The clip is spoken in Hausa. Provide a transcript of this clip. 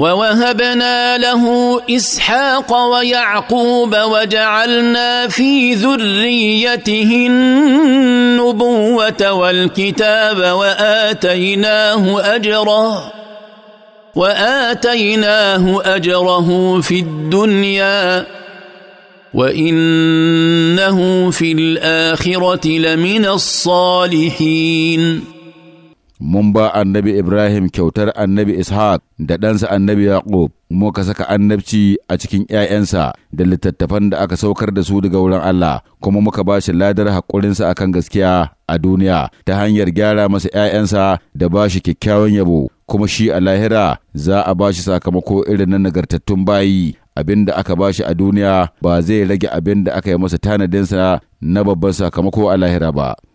ووهبنا له اسحاق ويعقوب وجعلنا في ذريته النبوه والكتاب واتيناه اجره واتيناه اجره في الدنيا وانه في الاخره لمن الصالحين mun ba annabi Ibrahim kyautar annabi Ishaq da ɗansa annabi Yaqub, muka saka annabci a cikin ‘ya'yansa da littattafan da aka saukar da su daga wurin Allah, kuma muka ba shi ladar haƙurinsa kan gaskiya a duniya ta hanyar gyara masa ‘ya'yansa da ba shi kyakkyawan yabo, kuma shi a lahira za a ba shi sakamako irin na nagartattun bayi. abin da aka ba shi a duniya ba zai rage abin da aka yi masa tanadinsa na babban sakamako a lahira ba.